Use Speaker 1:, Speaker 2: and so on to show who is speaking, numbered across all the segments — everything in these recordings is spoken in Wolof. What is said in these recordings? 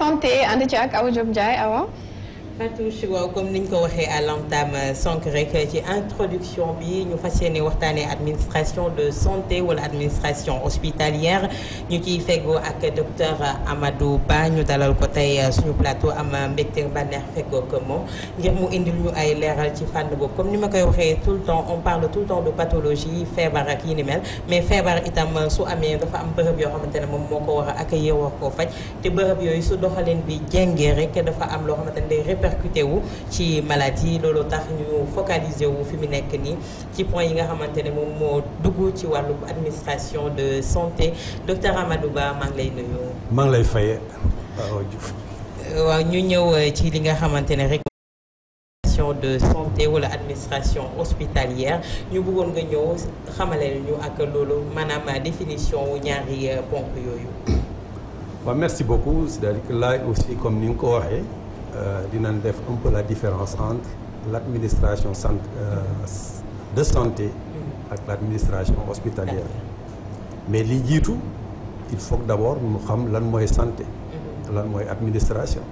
Speaker 1: santé ànd ci ak Awa Diop Ndiaye awa Fatou waaw comme niñ ko waxee à l'entame euh, sànq rek euh, ci introduction bi ñu fas yéene waxtaanee administration de santé wala administration hospitalière ñu ciy fegoo ak docteur euh, Amadou Ba ñu dalal ko tey suñu plateau am mbégte bànneex feggoo ko moom ngir mu indil ñu ay leeral ci fànn boobu comme ni ma koy waxee tout le temps on parle tout le temps de pathologie feebar ak yi ni mel mais feebar itam su amee dafa am bërëb yoo xamante moom moo ko war a accueillir koo faj te bërëb yooyu su doxalin bi jéngee rek dafa am répercuté wu ci maladie loolu tax ñu focaliser wu fi mu nekk nii ci point yi nga xamante ne moom moo dugg ci wàllu administration de santé docteur Amadou Ba maa ngi lay nuyu.
Speaker 2: maa ngi lay faye
Speaker 1: waaw ñu ñëw euh, ci li nga xamante ne rek. de santé wala administration hospitalière ñu bëggoon nga ñëw xamale ñu ak loolu maanaam euh, définition wu ñaari euh, ponk yooyu.
Speaker 2: waaw merci beaucoup c'est-à-dire que là aussi comme ni nga ko waxee. Euh, dinañ def un la différence entre l'administration santé euh, de santé ak l'administration hospitalière mais li jiitu il faut que d'abord mu xam lan mooy santé lan mooy administration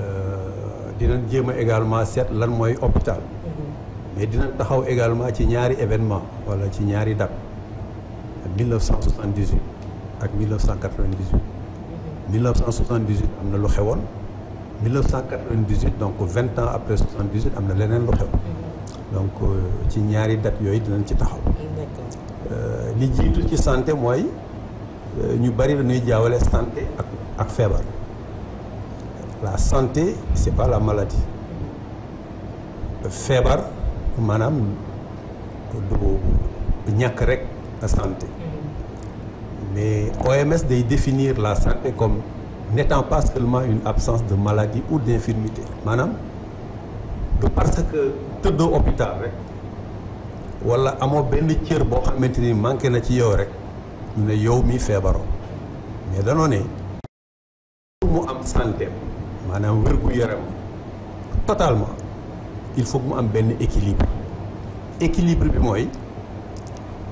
Speaker 2: euh, dinañ jéem a également seet lan mooy hôpital mais dinañ taxaw également ci ñaari événement wala ci ñaari date 1978 ak 1998 1978 am na lu xewoon 1998 donc vingt ans après 78 am na leneen lu xew donc euh, ci ñaari date yooyu dinañ ci taxaw. Euh, li jiitu ci santé mooy euh, ñu bari dañuy jaawale santé ak feebar la santé c'est pas la maladie feebar maanaam du ñàkk rek la santé mm-hmm. mais OMS day définir la santé comme. n'étant pas seulement une absence de maladie ou d'infirmité maanaam du parce que tëddoo hôpital rek wala amoo benn cër boo xamante ni manqué na ci yow rek ñu ne yow mi feebaroo mais danoo ne pour mu am santé maanaam wér-gu-yaram totalement il faut mu am benn équilibre équilibre bi mooy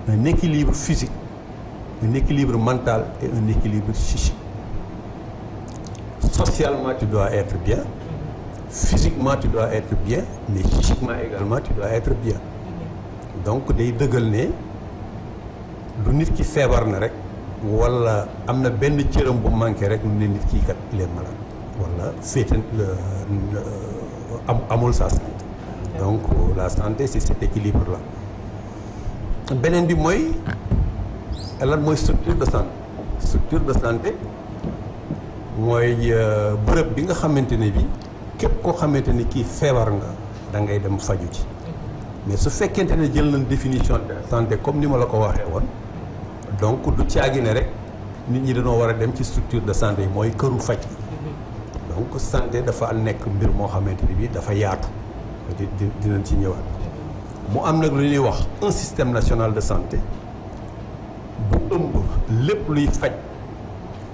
Speaker 2: un équilibre physique un équilibre mental et un équilibre psychique socialement tu dois être bien physiquement tu dois être bien mais psychiquement également tu dois bien donc day dëggal ne du nit ki feebar na rek wala am na benn cëram bu manqué rek ne nit kii kat il est malade wala féetan euh, amul sa santé donc la santé c'est cet équilibre là beneen bi mooy lan mooy structure de santé structure de santé mooy euh, bërëb bi nga xamante ne bi képp koo xamante ni kii feebar nga da ngay dem faju ci mais su fekkente ne jël nañ définition de santé comme ni ma la ko waxee woon donc du caagi ne rek nit ñi dañoo war a dem ci structure de santé yi mooy këru faj bi donc santé dafa nekk mbir moo xamante ni bi dafa yaatu di dinañ ci ñëwaat mu am nag lu ñuy wax un système national de santé bu ëmb lépp luy faj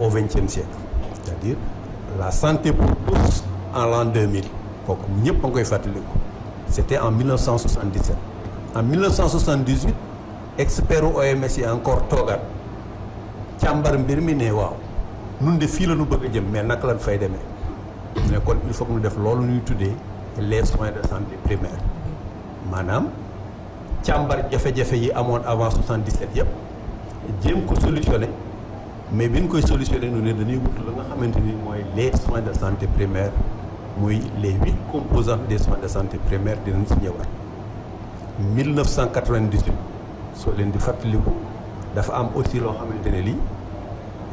Speaker 2: au vingtième siècle c'est-à-dire la santé pour tous en l'an 2000 kooku ñëpp a ngi koy fàttaliku c'était en 1977 en 1978 expertu OMS yi encore toogaat càmbar mbir mi ne waaw nun de fii la ñu jëm mais naka lañ fay demee mais kon il faut que def loolu ñuy tuddee les soins de santé primaires maanaam càmbar jafe-jafe yi amoon avant 77 yëpp jéem ko solutionné mais bi ñu koy solutionné ñu ne dañuy wut la nga xamante ni mooy les soins de santé primaire muy les huit composantes des soins de santé primaire dinañ si ñëwaat. 1998 soo leen di fàttaliku dafa am aussi loo xamante ne lii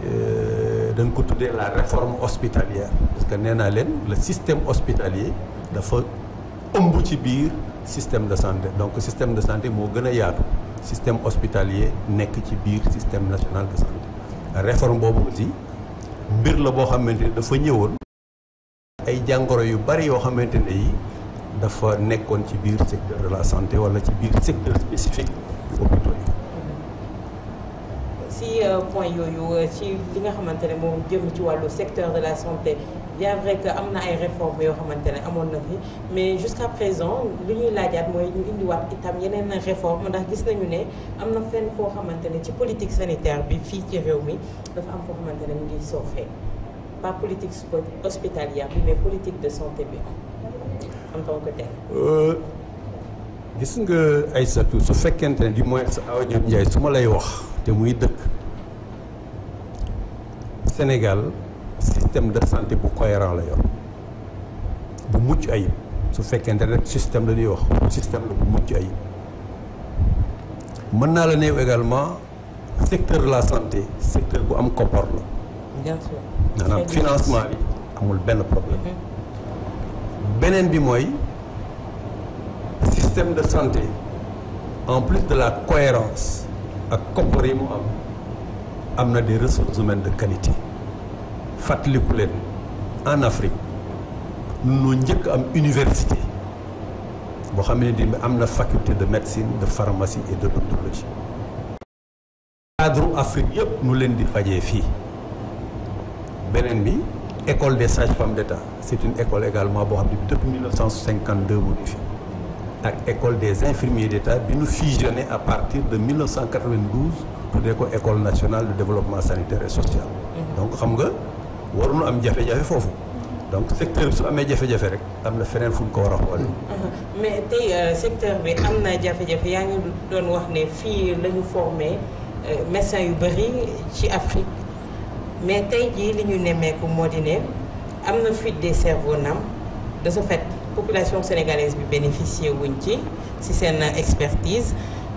Speaker 2: euh, dañ ko tuddee la réforme hospitalière parce que nee naa leen le système hospitalier dafa ëmb ci biir système de santé donc système de santé moo gën a yaatu système hospitalier nekk ci biir système national de santé. réforme boobu aussi mbir la boo xamante ni dafa ñëwoon ay jàngoro yu bari yoo xamante ne yi dafa nekkoon ci biir secteur de la santé wala ci biir secteur spécifique hôpitaux yi
Speaker 1: Euh, point yooyu euh, ci li nga xamante ne moom jëm ci wàllu secteur de la santé bien vrai que am na ay réformes yoo xamante ne amoon na fi mais jusqu'à présent li ñuy laajaat mooy ñu indiwaat itam yeneen réforme ndax gis nañu ne am na fenn foo xamante ne ci politique sanitaire bi fii ci réew mi dafa am foo xamante ne mu ngi soofee pas politique hospitalière bi mais politique de santé bi en tant que tel.
Speaker 2: Euh, gis nga Aïssatou su fekkente ne du moins Awa Ndiaye su ma lay wax te muy dëkk. Sénégal système de santé bu cohérent la yor bu mucc ayib su fekkente rek système la ñuy wax système la bu mucc ayib mën naa la néew également secteur de la santé secteur bu am koppar la. bien financement amul benn problème. Mm-hmm. beneen bi mooy système de santé en plus de la cohérence ak koppar yi mu am am na des ressources humaines de qualité. fàttaliku leen en Afrique noo njëkk am université boo xam ne di am na faculté de médecine de pharmacie et de d'odontologie cadre Afrique yëpp nu leen di fajee fii beneen bi école des sages-femmes d'État c'est une école également boo xam ne bi depuis 1952 mu ngi fi ak école des infirmiers d'État bi nu fusionné à partir de 1992 tuddee ko école nationale de développement sanitaire et social mhm. donc xam nga waruñu am jafe-jafe foofu donc secteur bi su amee jafe-jafe rek am na feneen fu ñu ko war a uh-huh.
Speaker 1: mais tey euh, secteur bi am naa jafe-jafe yaa ngi doon wax ne fii lañu ñu formé euh, yu bëri ci Afrique mais tey jii li ñu nemmeeku moo di ne am na fuite des cerveaux nam dasa fet fait population sénégalaise bi bénéficier wuñ ci ci seen expertise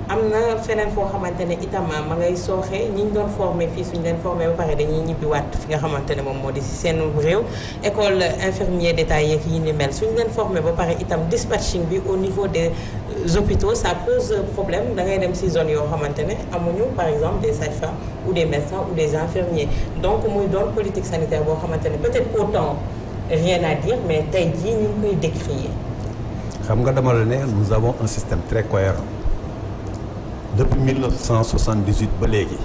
Speaker 1: am na feneen foo xamante ne itam ma ngay sooxe ñi ñu doon formé fii suñ leen formé ba pare dañuy ñibbiwaat fi nga xamante ne moom moo di si seen réew école infirmier d'état yeeg yi ni mel suñu leen formé ba pare itam dispatching bi au niveau des euh, hôpitaux ça pose problème da ngay dem si zone yoo xamante ne amuñu par exemple des sages-femmes ou des médecins ou des infirmiers donc muy doon politique sanitaire boo xamante ne peut-être autant rien à dire mais tey jii ñu ngi
Speaker 2: xam nga dama la ne nous avons un système très depuis 1978 ba léegi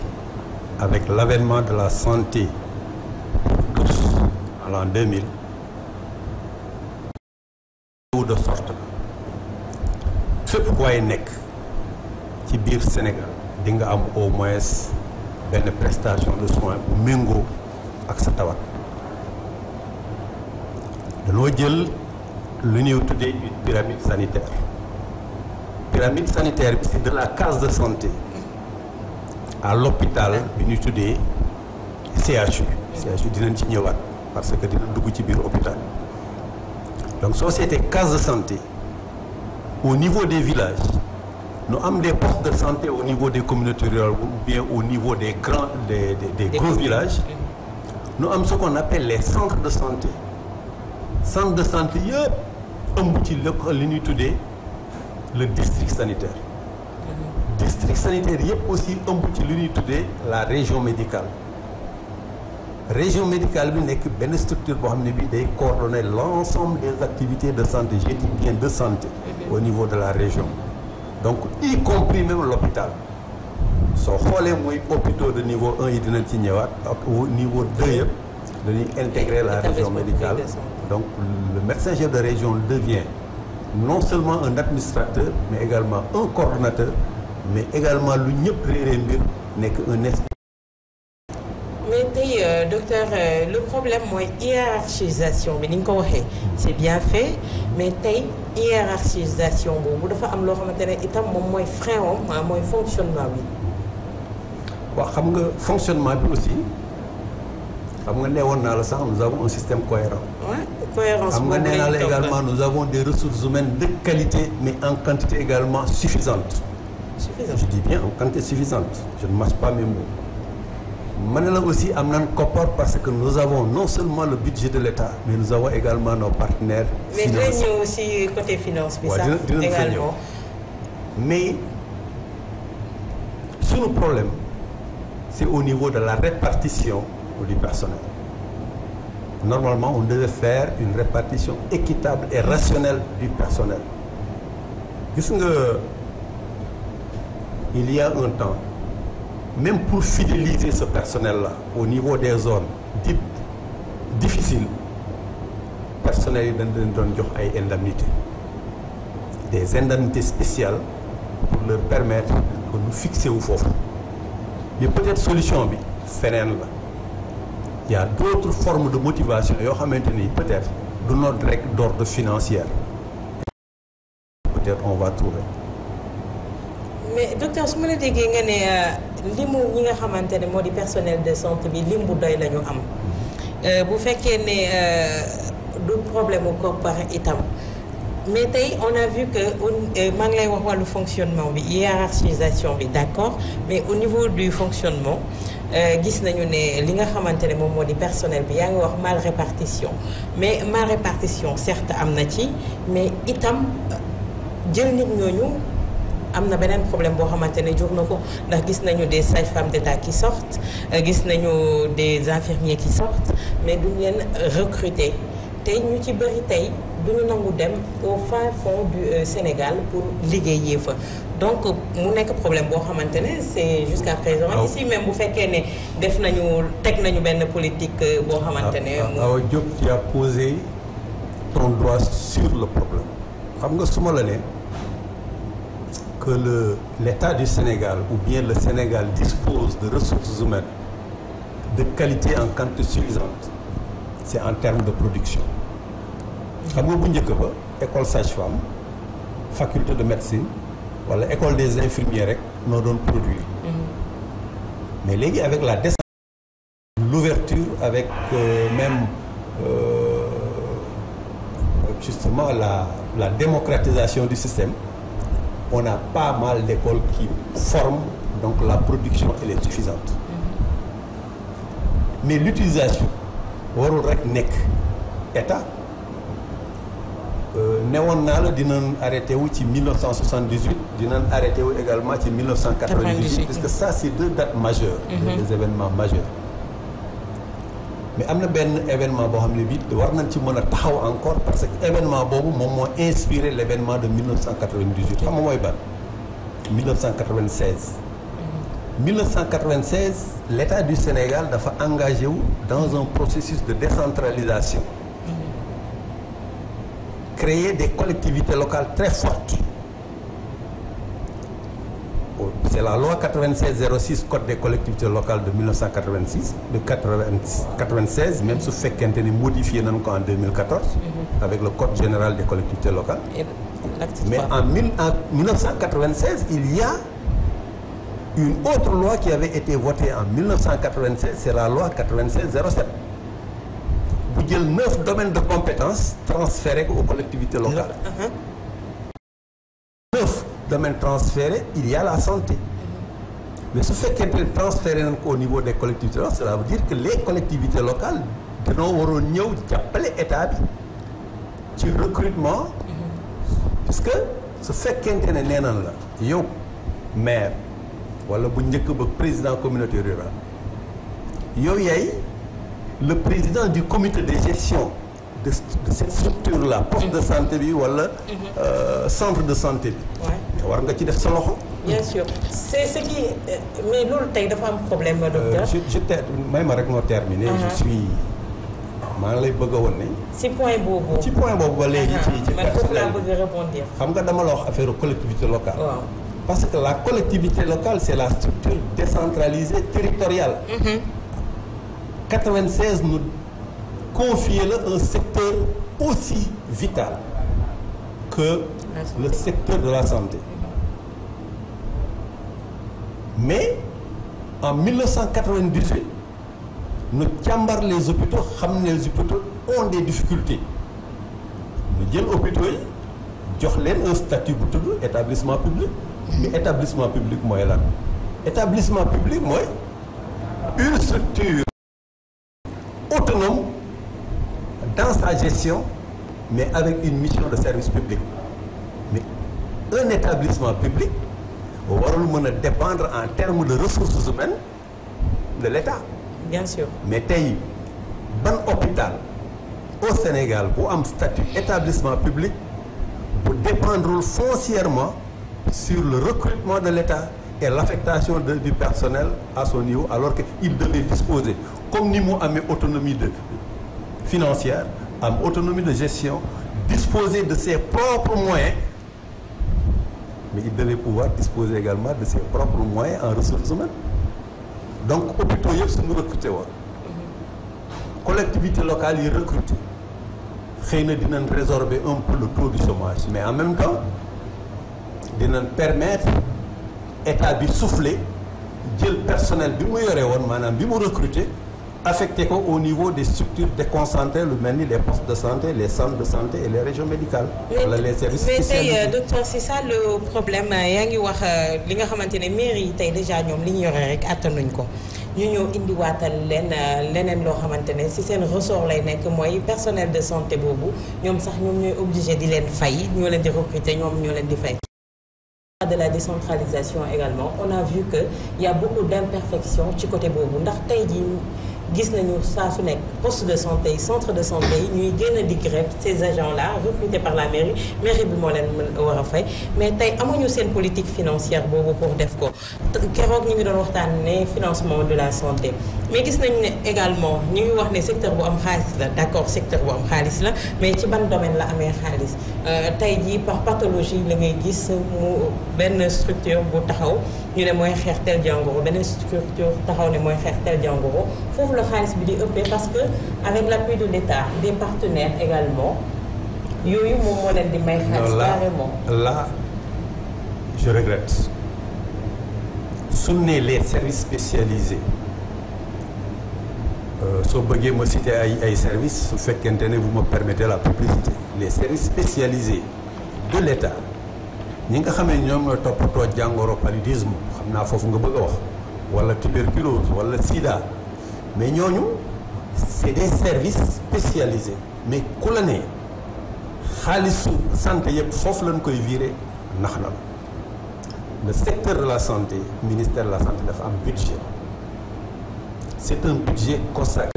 Speaker 2: avec l'avènement de la santé pour tous à l'an 2000 de sorte fépp waaye nekk ci biir Sénégal di nga am au moins benn prestation de soins bu méngoo ak sa tawat danoo jël lu ñuy tuddee une pyramide sanitaire pyramide sanitaire bi c'est de la case de santé à l'hôpital bi ñu tuddee CHU CHU dinañ ci ñëwaat parce que dina dugg ci biir hôpital donc soo seetee case de santé au niveau des villages nu am des postes de santé au niveau des communautés rurales ou bien au niveau des grands des des, des gros villages nu am ce qu'on appelle les centres de santé centres de santé yëpp ëmb ci lépp li ñuy tuddee le district sanitaire district sanitaire yëpp aussi ëmb ci li ñuy tuddee la région médicale région médicale bi nekk benn structure boo xam ne bi day coordonner l'ensemble des activités de santé je dis bien de santé au niveau de la région donc y compris même l'hôpital soo xoolee mooy hôpitaux de niveau un yi dinañ ci ñëwaat ak au niveau deux yëpp dañuy intégrer la région médicale donc le médecin de région devient non seulement un administrateur mais également un coordonnateur mais également lu ñëpp réeree mbir nekk un esprit.
Speaker 1: mais tey euh, docteur euh, le problème mooy hiérarchisation bi ni nga ko waxee c'est bien fait mais tey hiérarchisation boobu dafa am loo xamante ne itam moom mooy frein am ah, mooy fonctionnement bi.
Speaker 2: waaw xam nga fonctionnement bi aussi xam nga ne woon naa la sax nous avons un système cohérent. cohérence boobu day am nga nee naa la nous avons des ressources humaines de qualité mais en quantité également suffisante.
Speaker 1: suffisante je dis
Speaker 2: bien en quantité suffisante je ne mâche pas mes mots. ma ne la aussi am nan koppar parce que nous avons non seulement le budget de l'État mais nous avons également nos partenaires. financiers mais dinañ ñëw
Speaker 1: aussi finance bi. sax également
Speaker 2: mais sunu problème c'est au niveau de la répartition du personnel. normalement, on devait faire une répartition équitable et rationnelle du personnel. Gis nga il y un temps même pour fidéliser ce personnel la au niveau des zones dites difficiles personnel yi dañ leen doon jox ay indemnités des indemnités spéciales pour leur permettre que ñu fixer wu foofu mais peut-être solution bi feneen la. y a d'autres formes de motivation yoo xamante ni peut-être du note rek d'ordre financier peut-être on
Speaker 1: mais docteur su ma la déggee nga ne euh, limu ñi nga xamante ne moo di personnel de santé bi lim bu doy la am euh, bu fekkee ne euh, du problème mu koppar itam. mais tey on a vu que maa lay wax wàllu fonctionnement bi hiérarchisation bi d'accord mais au niveau du fonctionnement. Euh, gis nañu ne li nga xamante ne moom moo di personnel bi yaa ngi wax mal répartition mais mal répartition certes am na ci mais itam euh, jël nit ñooñu am na beneen problème boo xamante ne jur na ko ndax gis nañu des sages-femmes d'État qui sortent euh, gis nañu des infirmiers ki sortent mais duñu leen recruter tey ñu ci bëri tey duñu nangu dem au fin fond du Sénégal pour liggéeyee fa donc mu nekk problème boo xamante ne c'est jusqu'à présent ah ici même bu fekkee ne def nañu teg nañu benn politique euh, boo xamante ne ah,
Speaker 2: Awa Diop tu as posé ton droit sur le problème xam nga su ma la ne que le l'État du Sénégal ou bien le Sénégal dispose de ressources humaines de qualité en quant suffisante c'est en termes de production xam nga bu njëkk ba école sage-femme de médecine wala école des infirmiers rek noo doon produire
Speaker 1: mm-hmm.
Speaker 2: mais léegi avec la décentralisation l'ouverture avec euh, même euh, justement la la démocratisation du système on a pas mal d'écoles qui forment donc la production elle est suffisante mm-hmm. mais l'utilisation warul rek nekk état Euh, newoon naa la dinañ arrêté wu ci 1978 dinañ arrêté wu également ci 1998 parce que ça c'est deux dates majeures mm-hmm. des événements majeurs mais am na benn événement boo xam ne bii war nañ ci mën a taxaw encore parce que événement boobu moom moo inspiré l'événement de 1998 xam nga mooy ban 1996 1996 mm-hmm. l'état du Sénégal dafa engagé wu dans un processus de décentralisation créer des collectivités locales très fortes. Oh, c'est la loi 96-06 code des collectivités locales de 1986 de 96 même su fekkente ni modifié nañu ko en 2014. Mhm. avec le code général des collectivités locales. mais en mille en 1996 il y a une autre loi qui avait été votée en 1996 c'est la loi 96 jël neuf domaines de compétences transférés ko aux collectivités locales. Uh-huh. neuf domaines transférés il y a la su fekkee ne transféré nañ des collectivités locales cela veut dire que les collectivités locales dañoo waroon ñëw jàppale état bi ci recrutement. Uh-huh. que su fekkente ne nee nañ la yow maire wala bu njëkk ba président communauté rurale yow yaay le président du comité de gestion de, de cette structure la poste de santé bi wala mhm. euh, centre de santé
Speaker 1: bi
Speaker 2: war nga ci def sa loxo bien sûr
Speaker 1: c'est ce qui
Speaker 2: mais loolu tey dafa am problème euh, docteur ma rek moo terminé je uh-huh. maa lay bëgg woon ne
Speaker 1: ci point boobu
Speaker 2: ci point boobu ba léegi ci uh-huh. ci man foofu xam nga dama la wax affaire collectivité locale parce que la collectivité locale c'est la structure décentralisée territoriale uh-huh. nu nous la un secteur aussi vital que le secteur de la santé. Mais en 1998, nous chambards les hôpitaux, les hôpitaux ont des difficultés. Nous avons hôpitaux, leen un statut pour établissement public. Mais établissement public, moi, là. Établissement public, moi, une structure dans sa gestion mais avec une mission de service public mais un établissement public warul mën a dépendre en termes de ressources humaines de l'État bien mais tey ban hôpital au Sénégal bu am statut établissement public bu dépendre foncièrement sur le recrutement de l'État et l'affectation de du personnel à son niveau alors que il devait disposer comme ni mu amee autonomie de financière am autonomie de gestion disposer de ses propres moyens mais il devait pouvoir disposer également de ses propres moyens en ressources humaines donc hôpitaux yëpp suñu recruter woon collectivités locales yi recruter xëy na dinañ résorber un peu le taux du chômage mais en même temps dinañ permettre état bi souffler jël personnel bi mu yore woon maanaam bi mu recruter affecté ko au niveau des structures déconcentrées lu mel ni les postes de santé les centres de santé et les régions médicales. wala les euh,
Speaker 1: yaa ngi wax euh, li nga xamante ne mairie yi tey déjà ñoom li ñu yore rek attanuñ ko ñu ñëw indiwaatal leen euh, leneen loo xamante ne ci seen ressort lay nekk mooy personnel de santé boobu ñoom sax ñoom ñooy obligé di leen fay ñoo leen di recruter ñoo leen di fay. de la décentralisation également on a vu que y a beaucoup d'imperfections ci côté boobu ndax tey jii. gis nañu saa su nekk poste de santé yi centre de santé yi ñuy génn di grève ces agents là recrutés par la mairie mairie bi moo leen war a fay mais tey amuñu seen politique financière boobu pour def ko keroog ñu ngi doon waxtaan ne financement de la santé mais gis nañu ne également ñu ngi wax ne secteur bu am xaalis la d'accord secteur bu am xaalis la mais ci ban domaine la amee xaalis Euh, tey jii par pathologie la ngay gis mu benn structure bu taxaw ñu ne mooy xeex tel jàngoro beneen structure taxaw ne mooy xeex tel jàngoro foofu la xaalis bi di ëppee parce que avec l'appui de l'État des partenaires également yooyu moom moo leen di may xaalis carrément
Speaker 2: là je regrette su ne les services spécialisés euh, soo bëggee ma citer ay ay services su fekkente ne bu me permettez la publicité les services spécialisés de l'État ñi nga xamee ñoom ñooy toppatoo jàngoro paludisme xam naa foofu nga bëgg wax wala tuberculose wala sida mais ñooñu c'est des services spécialisés mais ku la ne xaalisu santé yëpp foofu lañ koy virer ndax na la le secteur de la santé ministère de la santé dafa am budget c'est un budget consacré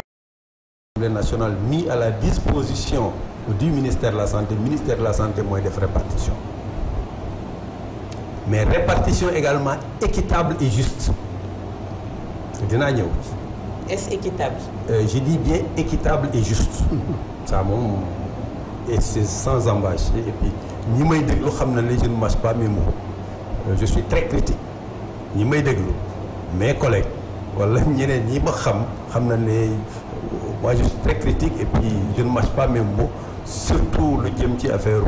Speaker 2: national mis à la disposition du ministère de la santé ministère de la santé mooy def répartition mais répartition également équitable et juste dinaa ñëw.
Speaker 1: est-ce équitable.
Speaker 2: Euh, et juste. ça moom et c'est sans embâche et puis ñi may déglu xam na ne je ne mâche pas mes mots euh, je très critique ñi may déglu mes collègues wala ñeneen ñi ma xam xam na ne euh, moi je suis très critique et puis je ne pas mes surtout lu jëm ci affaire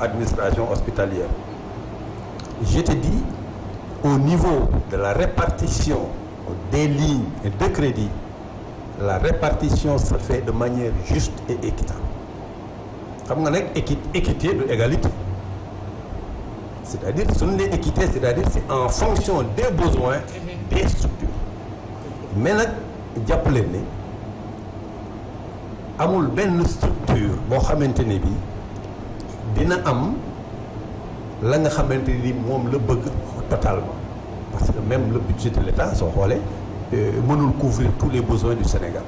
Speaker 2: administration hospitalière je te dis au niveau de la répartition des lignes et de crédit la répartition se fait de manière juste et équitable xam nga nag équité de égalité c'est-à-dire suñu nee équité c'est-à-dire c'est en fonction des besoins des structures mais nag jàpp leen amul benn structure boo xamante ne bi dina am la nga xamante ni moom la bëgg totalement parce que même la budget de l'État soo xoolee euh, mënul couvrir tous les besoins du Sénégal